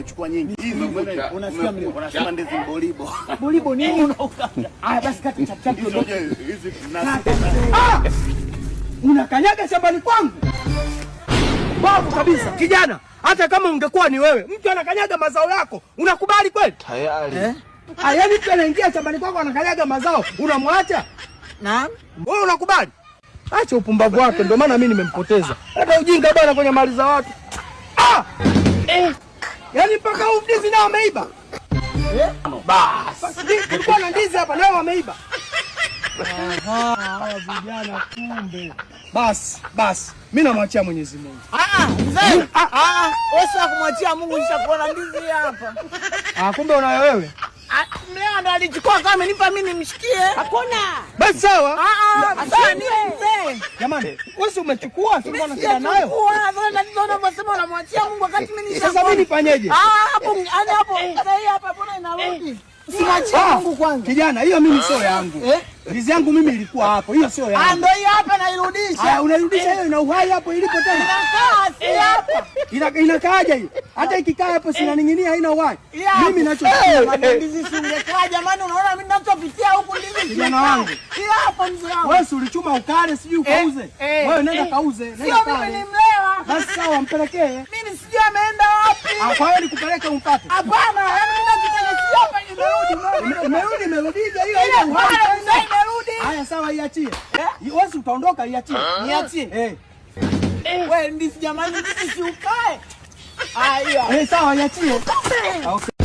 umechukua nyingi. Unasikia mimi Unasema ndizi bolibo. Bolibo nini unaokata? Haya basi kata chap chap. Hizi ah! unakanyaga shambani kwangu. Babu kabisa kijana, hata kama ungekuwa ni wewe, mtu anakanyaga mazao yako, unakubali kweli? Tayari. Eh? Ah, yaani mtu anaingia shambani kwako anakanyaga mazao, unamwacha? Naam. Wewe unakubali? Acha upumbavu wako, ndio maana mimi nimempoteza. Hata ujinga bwana kwenye mali za watu. Ah! Eh. Yaani mpaka udizi nao wameiba. Eh? Kulikuwa na ndizi hapa nao wameiba. hawa vijana kumbe. Basi, basi. mi namwachia Mwenyezi Mungu. Ah, ah, hmm? ah, wewe sio kumwachia Mungu nishakuona ndizi hapa. Ah, kumbe unayo wewe. Mlea alichukua kama amenipa mimi nimshikie. Hakuna. Basi sawa. Ah ah. Sasa ni mzee. Jamani, wewe si umechukua si mbona sina nayo? Kwa mbona ndio unasema unamwachia Mungu wakati mimi nisha. Sasa mimi nifanyeje? Ah hapo yani hapo sasa hapa mbona inarudi? Eh. Simwachia ah, Mungu kwanza. Kijana, hiyo mimi sio yangu. Eh? Ndizi yangu mimi ilikuwa hapo. Hiyo sio ah, yangu. Ah ndio hiyo hapa nairudisha. Ah unairudisha hiyo ina uhai hapo ilipo tena inakaaja hiyo, hata ikikaa hapo sinaning'inia, eh. haina uhai. Mimi kijana wangu wewe, ulichuma ukale, sijui eh, ukauze eh. wewe, nenda kauze. Basi sawa, mpelekee. Hapo ah, wewe nikupeleke umpate? Yaani imerudi, imerudija hiyo hiyo. Haya, sawa, iachie. Wewe utaondoka, iachie, niachie Eh, wewe ndizi jamani, sisi ukae. Haya, eh, sawa, niachie.